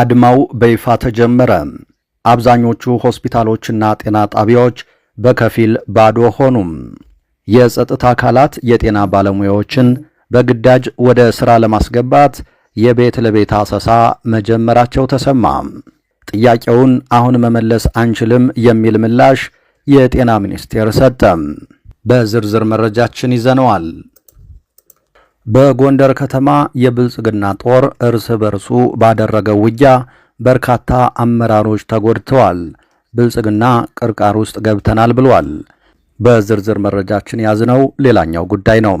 አድማው በይፋ ተጀመረ። አብዛኞቹ ሆስፒታሎችና ጤና ጣቢያዎች በከፊል ባዶ ሆኑም። የጸጥታ አካላት የጤና ባለሙያዎችን በግዳጅ ወደ ሥራ ለማስገባት የቤት ለቤት አሰሳ መጀመራቸው ተሰማ። ጥያቄውን አሁን መመለስ አንችልም የሚል ምላሽ የጤና ሚኒስቴር ሰጠም። በዝርዝር መረጃችን ይዘነዋል። በጎንደር ከተማ የብልጽግና ጦር እርስ በርሱ ባደረገው ውጊያ በርካታ አመራሮች ተጎድተዋል። ብልጽግና ቅርቃር ውስጥ ገብተናል ብሏል። በዝርዝር መረጃችን ያዝነው ሌላኛው ጉዳይ ነው።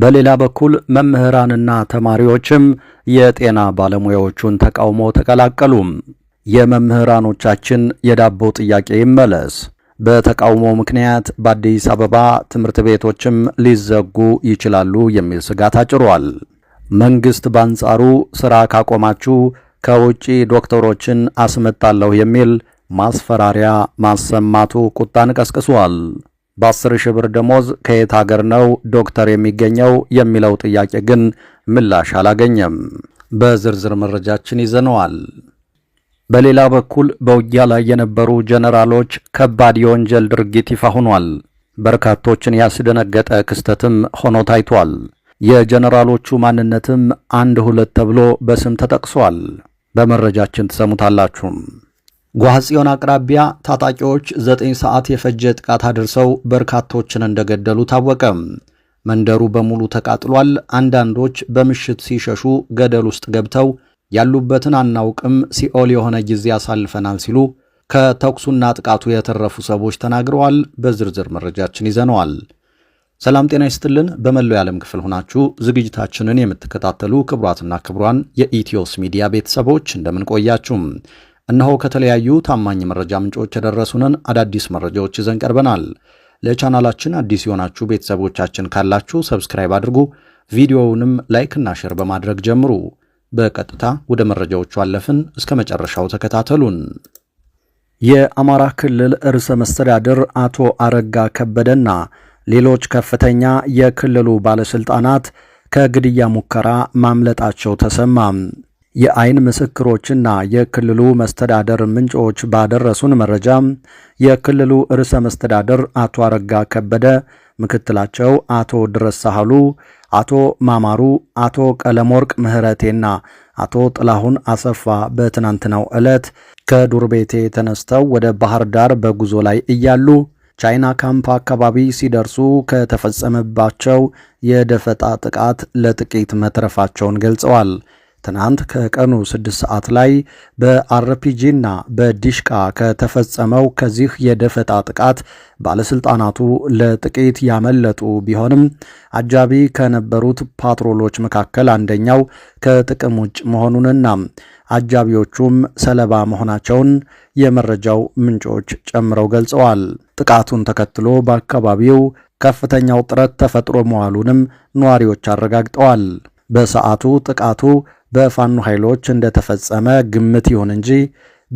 በሌላ በኩል መምህራንና ተማሪዎችም የጤና ባለሙያዎቹን ተቃውሞ ተቀላቀሉ። የመምህራኖቻችን የዳቦ ጥያቄ ይመለስ በተቃውሞ ምክንያት በአዲስ አበባ ትምህርት ቤቶችም ሊዘጉ ይችላሉ የሚል ስጋት አጭሯል። መንግስት በአንጻሩ ሥራ ካቆማችሁ ከውጪ ዶክተሮችን አስመጣለሁ የሚል ማስፈራሪያ ማሰማቱ ቁጣን ቀስቅሷል። በአስር ሺህ ብር ደሞዝ ከየት አገር ነው ዶክተር የሚገኘው የሚለው ጥያቄ ግን ምላሽ አላገኘም። በዝርዝር መረጃችን ይዘነዋል። በሌላ በኩል በውጊያ ላይ የነበሩ ጀነራሎች ከባድ የወንጀል ድርጊት ይፋ ሆኗል። በርካቶችን ያስደነገጠ ክስተትም ሆኖ ታይቷል። የጀነራሎቹ ማንነትም አንድ ሁለት ተብሎ በስም ተጠቅሷል። በመረጃችን ትሰሙታላችሁ። ጓጽዮን አቅራቢያ ታጣቂዎች ዘጠኝ ሰዓት የፈጀ ጥቃት አድርሰው በርካቶችን እንደገደሉ ታወቀ። መንደሩ በሙሉ ተቃጥሏል። አንዳንዶች በምሽት ሲሸሹ ገደል ውስጥ ገብተው ያሉበትን አናውቅም፣ ሲኦል የሆነ ጊዜ አሳልፈናል ሲሉ ከተኩሱና ጥቃቱ የተረፉ ሰዎች ተናግረዋል። በዝርዝር መረጃችን ይዘነዋል። ሰላም ጤና ይስጥልን። በመላው የዓለም ክፍል ሆናችሁ ዝግጅታችንን የምትከታተሉ ክቡራትና ክቡራን የኢትዮስ ሚዲያ ቤተሰቦች እንደምን ቆያችሁም? እነሆ ከተለያዩ ታማኝ መረጃ ምንጮች የደረሱንን አዳዲስ መረጃዎች ይዘን ቀርበናል። ለቻናላችን አዲስ የሆናችሁ ቤተሰቦቻችን ካላችሁ ሰብስክራይብ አድርጉ፣ ቪዲዮውንም ላይክና ሼር በማድረግ ጀምሩ። በቀጥታ ወደ መረጃዎቹ አለፍን። እስከ መጨረሻው ተከታተሉን። የአማራ ክልል ርዕሰ መስተዳድር አቶ አረጋ ከበደና ሌሎች ከፍተኛ የክልሉ ባለስልጣናት ከግድያ ሙከራ ማምለጣቸው ተሰማ። የአይን ምስክሮችና የክልሉ መስተዳደር ምንጮች ባደረሱን መረጃ የክልሉ ርዕሰ መስተዳደር አቶ አረጋ ከበደ ምክትላቸው አቶ ድረስ ሳህሉ አቶ ማማሩ፣ አቶ ቀለሞርቅ ምህረቴና አቶ ጥላሁን አሰፋ በትናንትናው ዕለት ከዱር ቤቴ ተነስተው ወደ ባህር ዳር በጉዞ ላይ እያሉ ቻይና ካምፕ አካባቢ ሲደርሱ ከተፈጸመባቸው የደፈጣ ጥቃት ለጥቂት መትረፋቸውን ገልጸዋል። ትናንት ከቀኑ 6 ሰዓት ላይ በአርፒጂና በዲሽቃ ከተፈጸመው ከዚህ የደፈጣ ጥቃት ባለስልጣናቱ ለጥቂት ያመለጡ ቢሆንም አጃቢ ከነበሩት ፓትሮሎች መካከል አንደኛው ከጥቅም ውጭ መሆኑንና አጃቢዎቹም ሰለባ መሆናቸውን የመረጃው ምንጮች ጨምረው ገልጸዋል። ጥቃቱን ተከትሎ በአካባቢው ከፍተኛው ጥረት ተፈጥሮ መዋሉንም ነዋሪዎች አረጋግጠዋል። በሰዓቱ ጥቃቱ በፋኖ ኃይሎች እንደተፈጸመ ግምት ይሁን እንጂ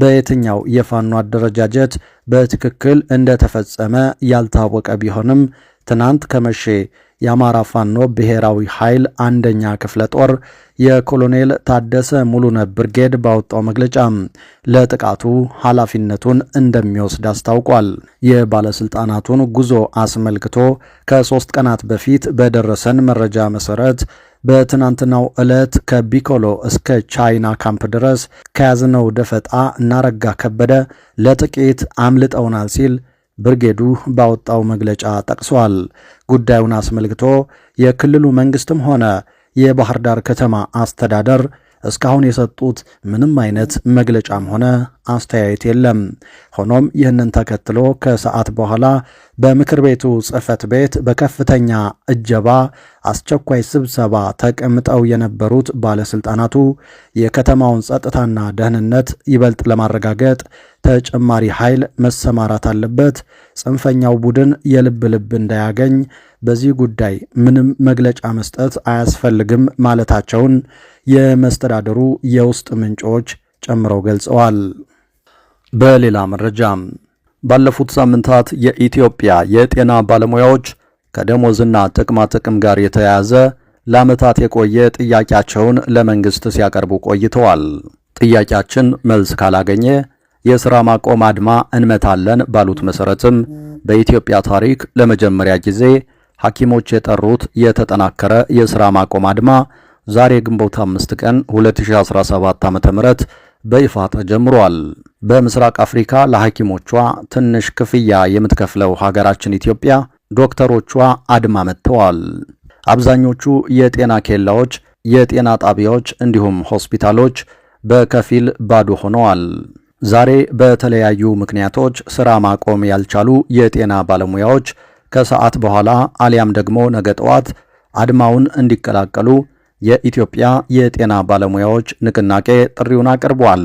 በየትኛው የፋኖ አደረጃጀት በትክክል እንደተፈጸመ ያልታወቀ ቢሆንም ትናንት ከመሼ የአማራ ፋኖ ብሔራዊ ኃይል አንደኛ ክፍለ ጦር የኮሎኔል ታደሰ ሙሉነ ብርጌድ ባወጣው መግለጫ ለጥቃቱ ኃላፊነቱን እንደሚወስድ አስታውቋል። የባለሥልጣናቱን ጉዞ አስመልክቶ ከሦስት ቀናት በፊት በደረሰን መረጃ መሠረት በትናንትናው ዕለት ከቢኮሎ እስከ ቻይና ካምፕ ድረስ ከያዝነው ደፈጣ እናረጋ ከበደ ለጥቂት አምልጠውናል ሲል ብርጌዱ ባወጣው መግለጫ ጠቅሷል። ጉዳዩን አስመልክቶ የክልሉ መንግስትም ሆነ የባህር ዳር ከተማ አስተዳደር እስካሁን የሰጡት ምንም አይነት መግለጫም ሆነ አስተያየት የለም። ሆኖም ይህንን ተከትሎ ከሰዓት በኋላ በምክር ቤቱ ጽህፈት ቤት በከፍተኛ እጀባ አስቸኳይ ስብሰባ ተቀምጠው የነበሩት ባለሥልጣናቱ የከተማውን ጸጥታና ደህንነት ይበልጥ ለማረጋገጥ ተጨማሪ ኃይል መሰማራት አለበት፣ ጽንፈኛው ቡድን የልብ ልብ እንዳያገኝ በዚህ ጉዳይ ምንም መግለጫ መስጠት አያስፈልግም ማለታቸውን የመስተዳደሩ የውስጥ ምንጮች ጨምረው ገልጸዋል። በሌላ መረጃ ባለፉት ሳምንታት የኢትዮጵያ የጤና ባለሙያዎች ከደሞዝና ጥቅማጥቅም ጋር የተያያዘ ለዓመታት የቆየ ጥያቄያቸውን ለመንግሥት ሲያቀርቡ ቆይተዋል። ጥያቄያችን መልስ ካላገኘ የሥራ ማቆም አድማ እንመታለን ባሉት መሠረትም በኢትዮጵያ ታሪክ ለመጀመሪያ ጊዜ ሐኪሞች የጠሩት የተጠናከረ የሥራ ማቆም አድማ ዛሬ ግንቦት 5 ቀን 2017 ም በይፋ ተጀምሯል። በምስራቅ አፍሪካ ለሐኪሞቿ ትንሽ ክፍያ የምትከፍለው ሀገራችን ኢትዮጵያ ዶክተሮቿ አድማ መጥተዋል። አብዛኞቹ የጤና ኬላዎች፣ የጤና ጣቢያዎች እንዲሁም ሆስፒታሎች በከፊል ባዶ ሆነዋል። ዛሬ በተለያዩ ምክንያቶች ሥራ ማቆም ያልቻሉ የጤና ባለሙያዎች ከሰዓት በኋላ አሊያም ደግሞ ነገ ጠዋት አድማውን እንዲቀላቀሉ የኢትዮጵያ የጤና ባለሙያዎች ንቅናቄ ጥሪውን አቅርቧል።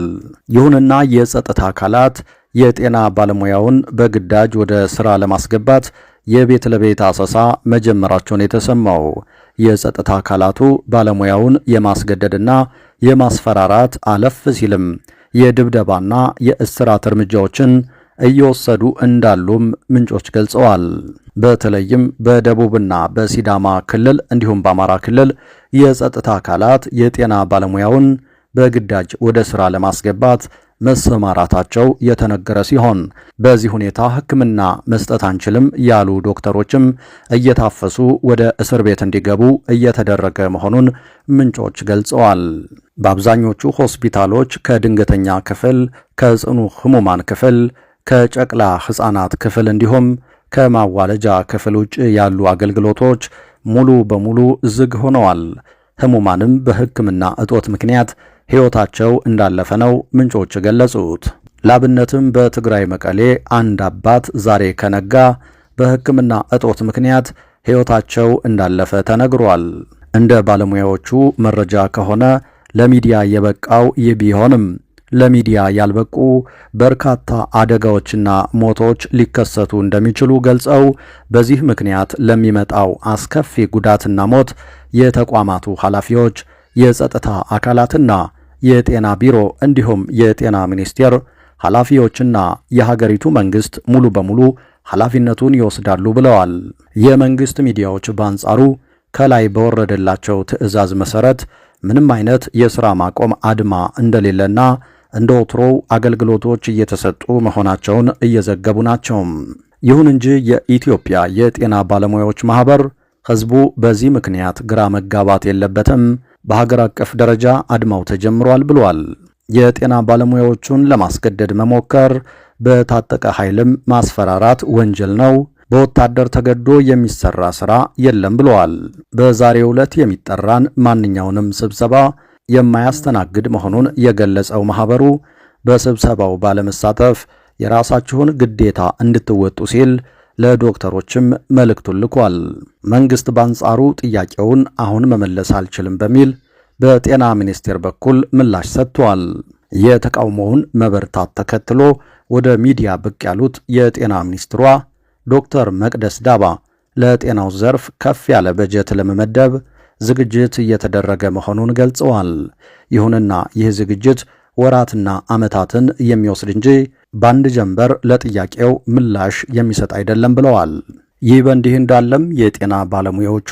ይሁንና የጸጥታ አካላት የጤና ባለሙያውን በግዳጅ ወደ ሥራ ለማስገባት የቤት ለቤት አሰሳ መጀመራቸውን የተሰማው የጸጥታ አካላቱ ባለሙያውን የማስገደድና የማስፈራራት አለፍ ሲልም የድብደባና የእስራት እርምጃዎችን እየወሰዱ እንዳሉም ምንጮች ገልጸዋል። በተለይም በደቡብና በሲዳማ ክልል እንዲሁም በአማራ ክልል የጸጥታ አካላት የጤና ባለሙያውን በግዳጅ ወደ ስራ ለማስገባት መሰማራታቸው የተነገረ ሲሆን በዚህ ሁኔታ ሕክምና መስጠት አንችልም ያሉ ዶክተሮችም እየታፈሱ ወደ እስር ቤት እንዲገቡ እየተደረገ መሆኑን ምንጮች ገልጸዋል። በአብዛኞቹ ሆስፒታሎች ከድንገተኛ ክፍል፣ ከጽኑ ህሙማን ክፍል ከጨቅላ ሕፃናት ክፍል እንዲሁም ከማዋለጃ ክፍል ውጭ ያሉ አገልግሎቶች ሙሉ በሙሉ ዝግ ሆነዋል። ህሙማንም በሕክምና እጦት ምክንያት ሕይወታቸው እንዳለፈ ነው ምንጮች ገለጹት። ላብነትም በትግራይ መቀሌ አንድ አባት ዛሬ ከነጋ በሕክምና እጦት ምክንያት ሕይወታቸው እንዳለፈ ተነግሯል። እንደ ባለሙያዎቹ መረጃ ከሆነ ለሚዲያ የበቃው ይህ ቢሆንም ለሚዲያ ያልበቁ በርካታ አደጋዎችና ሞቶች ሊከሰቱ እንደሚችሉ ገልጸው በዚህ ምክንያት ለሚመጣው አስከፊ ጉዳትና ሞት የተቋማቱ ኃላፊዎች፣ የጸጥታ አካላትና የጤና ቢሮ እንዲሁም የጤና ሚኒስቴር ኃላፊዎችና የሀገሪቱ መንግስት ሙሉ በሙሉ ኃላፊነቱን ይወስዳሉ ብለዋል። የመንግስት ሚዲያዎች በአንጻሩ ከላይ በወረደላቸው ትዕዛዝ መሰረት ምንም አይነት የሥራ ማቆም አድማ እንደሌለና እንደ ወትሮው አገልግሎቶች እየተሰጡ መሆናቸውን እየዘገቡ ናቸው። ይሁን እንጂ የኢትዮጵያ የጤና ባለሙያዎች ማህበር ህዝቡ በዚህ ምክንያት ግራ መጋባት የለበትም፣ በሀገር አቀፍ ደረጃ አድማው ተጀምሯል ብሏል። የጤና ባለሙያዎቹን ለማስገደድ መሞከር፣ በታጠቀ ኃይልም ማስፈራራት ወንጀል ነው። በወታደር ተገዶ የሚሰራ ስራ የለም ብለዋል። በዛሬው ዕለት የሚጠራን ማንኛውንም ስብሰባ የማያስተናግድ መሆኑን የገለጸው ማኅበሩ በስብሰባው ባለመሳተፍ የራሳችሁን ግዴታ እንድትወጡ ሲል ለዶክተሮችም መልእክቱን ልኳል። መንግሥት በአንጻሩ ጥያቄውን አሁን መመለስ አልችልም በሚል በጤና ሚኒስቴር በኩል ምላሽ ሰጥቷል። የተቃውሞውን መበርታት ተከትሎ ወደ ሚዲያ ብቅ ያሉት የጤና ሚኒስትሯ ዶክተር መቅደስ ዳባ ለጤናው ዘርፍ ከፍ ያለ በጀት ለመመደብ ዝግጅት እየተደረገ መሆኑን ገልጸዋል። ይሁንና ይህ ዝግጅት ወራትና ዓመታትን የሚወስድ እንጂ በአንድ ጀንበር ለጥያቄው ምላሽ የሚሰጥ አይደለም ብለዋል። ይህ በእንዲህ እንዳለም የጤና ባለሙያዎቹ